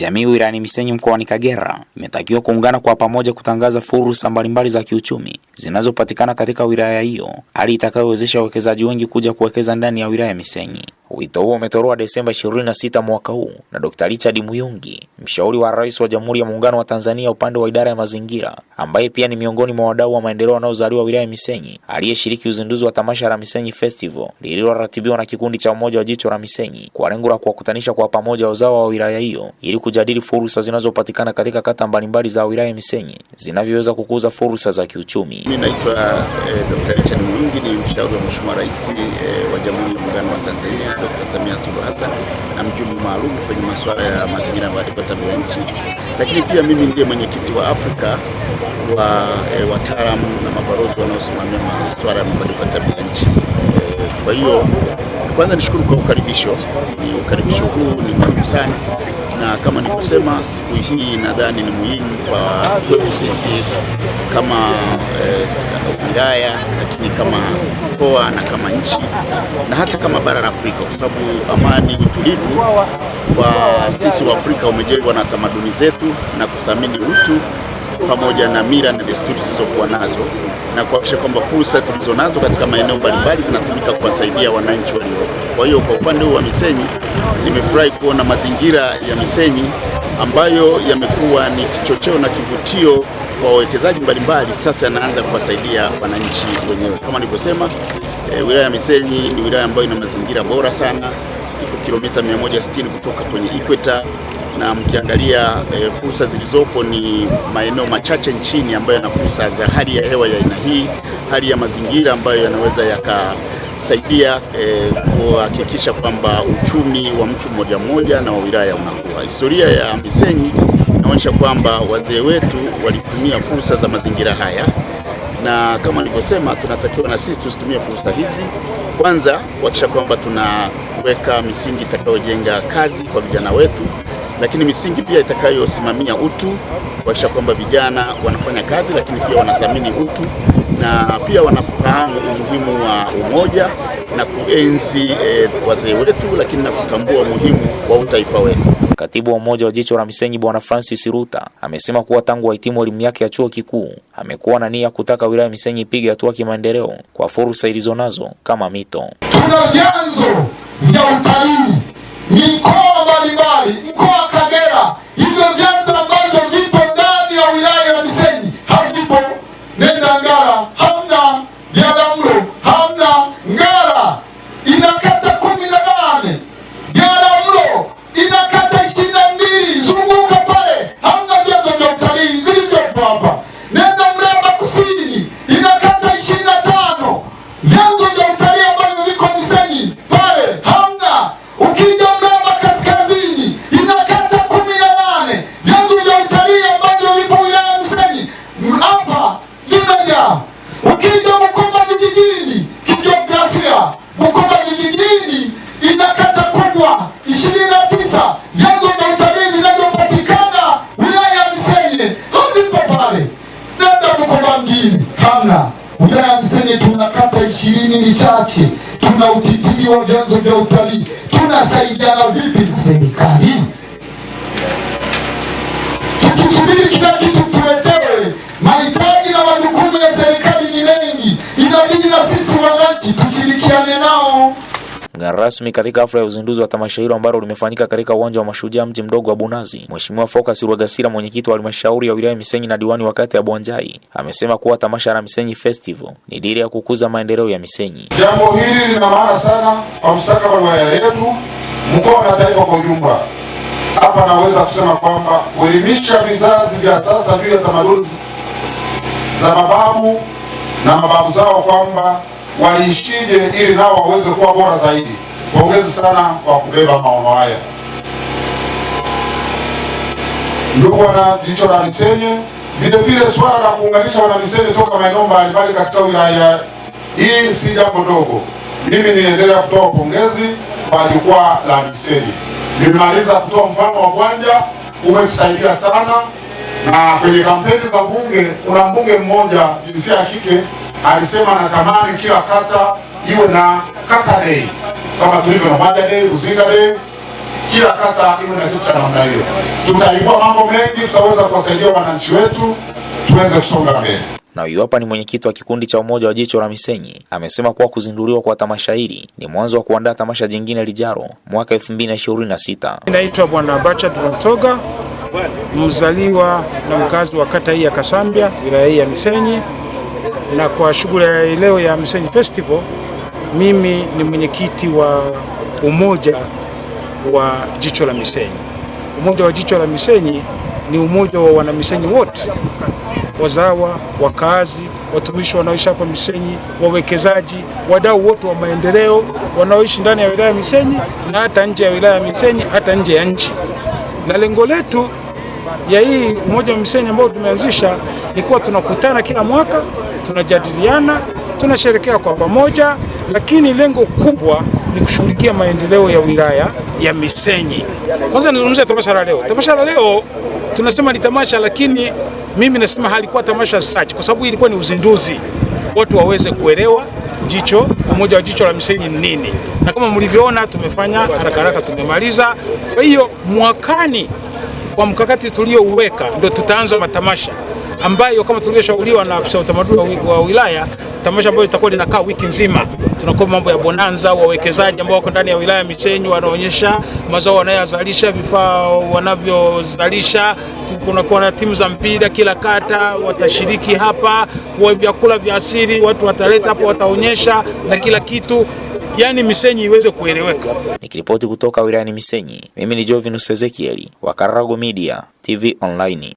Jamii wilayani Misenyi mkoani Kagera imetakiwa kuungana kwa pamoja kutangaza fursa mbalimbali za kiuchumi zinazopatikana katika wilaya hiyo, hali itakayowezesha wawekezaji wengi kuja kuwekeza ndani ya wilaya Misenyi. Wito huo umetolewa Desemba 26 mwaka huu na Dr. Richard Muyungi, mshauri wa rais wa Jamhuri ya Muungano wa Tanzania upande wa idara ya mazingira, ambaye pia ni miongoni mwa wadau wa maendeleo wanaozaliwa wilaya Misenyi, aliyeshiriki uzinduzi wa tamasha la Misenyi Festival lililoratibiwa na kikundi cha Umoja wa Jicho la Misenyi kwa lengo la kuwakutanisha kwa pamoja wazao wa wilaya hiyo ili kujadili fursa zinazopatikana katika kata mbalimbali za wilaya Misenyi zinavyoweza kukuza fursa za kiuchumi. Mimi naitwa eh, Dr. Richard Muyungi, ni mshauri wa Mheshimiwa Rais eh, wa Jamhuri ya Muungano wa Tanzania Dr. Samia Suluhu Hassan na mjumbe maalum kwenye masuala ya mazingira na mabadiliko ya tabia nchi, lakini pia mimi ndiye mwenyekiti wa Afrika wa e, wataalamu na mabalozi wanaosimamia masuala ya mabadiliko ya tabia nchi. Eh, kwa hiyo kwanza nishukuru kwa ukaribisho. Ni ukaribisho huu ni muhimu sana na kama nikusema, siku hii nadhani ni muhimu kwa kwetu sisi kama eh, wilaya eh, lakini kama mkoa na kama nchi na hata kama bara la Afrika, kwa sababu amani, utulivu kwa sisi wa Afrika umejengwa na tamaduni zetu na kuthamini utu pamoja na mila na desturi zilizokuwa nazo na kuhakikisha kwamba fursa tulizonazo katika maeneo mbalimbali zinatumika kuwasaidia wananchi waliopo. Kwa hiyo kwa upande huu wa Misenyi, nimefurahi kuona mazingira ya Misenyi ambayo yamekuwa ni kichocheo na kivutio kwa wawekezaji mbalimbali, sasa yanaanza kuwasaidia wananchi wenyewe. Kama nilivyosema, e, wilaya ya Misenyi ni wilaya ambayo ina mazingira bora sana, iko kilomita 160 kutoka kwenye ikweta na mkiangalia e, fursa zilizopo ni maeneo machache nchini ambayo yana fursa za hali ya hewa ya aina hii, hali ya mazingira ambayo yanaweza yakasaidia e, kuhakikisha kwamba uchumi wa mtu mmoja mmoja na wa wilaya unakuwa. Historia ya Misenyi inaonyesha kwamba wazee wetu walitumia fursa za mazingira haya, na kama nilivyosema, tunatakiwa na sisi tuzitumie fursa hizi, kwanza kuhakikisha kwamba tunaweka misingi itakayojenga kazi kwa vijana wetu lakini misingi pia itakayosimamia utu, kuhakikisha kwamba vijana wanafanya kazi, lakini pia wanathamini utu na pia wanafahamu umuhimu wa umoja na kuenzi e, wazee wetu, lakini na kutambua umuhimu wa utaifa wetu. Katibu wa Umoja wa Jicho la Misenyi Bwana Francis Ruta amesema kuwa tangu wahitimu elimu yake ya chuo kikuu amekuwa na nia kutaka wilaya Misenyi ipige hatua kimaendeleo kwa fursa ilizonazo kama mito. Tuna vyanzo vya utalii mikoa mbalimbali hamsini tuna kata ishirini ni chache, tuna utitiri wa vyanzo vya utalii. Tunasaidiana vipi na serikali? Tukisubiri kila kitu tuletewe, mahitaji na majukumu ya serikali ni mengi, inabidi na sisi wananchi tushirikiane nao. Mgeni rasmi katika hafla ya uzinduzi wa tamasha hilo ambalo limefanyika katika uwanja wa Mashujaa mji mdogo wa Bunazi, Mheshimiwa Focus Rwagasira, mwenyekiti wa halmashauri ya wilaya Misenyi na diwani wa kata ya Bwanjai, amesema kuwa tamasha la Misenyi Festival ni dira ya kukuza maendeleo ya Misenyi. Jambo hili lina maana sana kwa mustakabali wa wilaya yetu, mkoa na taifa kwa ujumla. Hapa naweza kusema kwamba kuelimisha vizazi vya sasa juu ya tamaduni za mababu na mababu zao kwamba waliishije ili nao waweze kuwa bora zaidi. Pongezi sana kwa kubeba maono haya, ndugu wana jicho la Misenye. Vile vile swala la kuunganisha wana Misenye toka maeneo mbalimbali katika wilaya hii si jambo dogo. Mimi niendelea kutoa pongezi kwa jukwaa la Misenye. Nimemaliza kutoa mfano wa Bwanja, umetusaidia sana na kwenye kampeni za bunge kuna mbunge mmoja jinsia ya kike alisema anatamani kila kata iwe na kata day kama tulivyo na Mada day, Ruzinga day, kila kata iwe na kitu cha namna hiyo. Tutaibua mambo mengi, tutaweza kuwasaidia wananchi wetu tuweze kusonga mbele. Na huyu hapa ni mwenyekiti wa kikundi cha umoja wa jicho la Misenyi, amesema kuwa kuzinduliwa kwa tamasha hili ni mwanzo wa kuandaa tamasha jingine lijaro mwaka 2026. inaitwa Bwana bacha Ratoga, mzaliwa na mkazi wa kata hii ya Kasambia, wilaya hii ya Misenyi na kwa shughuli ya leo ya Msenyi Festival, mimi ni mwenyekiti wa umoja wa jicho la Misenyi. Umoja wa jicho la Misenyi ni umoja wa wanamisenyi wote, wazawa, wakaazi, watumishi wanaoishi hapa Misenyi, wawekezaji, wadau wote wa maendeleo wanaoishi ndani ya wilaya ya Misenyi na hata nje ya wilaya ya Misenyi, hata nje ya nchi. Na lengo letu ya hii umoja wa Misenyi ambao tumeanzisha ni kuwa tunakutana kila mwaka tunajadiliana, tunasherekea kwa pamoja, lakini lengo kubwa ni kushughulikia maendeleo ya wilaya ya Misenyi. Kwanza nizungumzia tamasha la leo. Tamasha la leo tunasema ni tamasha, lakini mimi nasema halikuwa tamasha sachi, kwa sababu ilikuwa ni uzinduzi, watu waweze kuelewa jicho umoja wa jicho la Misenyi ni nini, na kama mlivyoona tumefanya haraka haraka, tumemaliza. Kwa hiyo mwakani, kwa mkakati tuliouweka, ndio tutaanza matamasha ambayo kama tulivyoshauriwa na afisa utamaduni wa wilaya, tamasha ambayo litakuwa linakaa wiki nzima. Tunakuwa mambo ya bonanza, wawekezaji ambao wako ndani ya wilaya Misenyi wanaonyesha mazao wanayozalisha, vifaa wanavyozalisha. Kunakuwa na timu za mpira, kila kata watashiriki hapa, vyakula vya asili watu wataleta hapo, wataonyesha na kila kitu yani Misenyi iweze kueleweka. Nikiripoti kutoka wilayani Misenyi, mimi ni Jovinus Ezekieli wa Karago Media TV Online.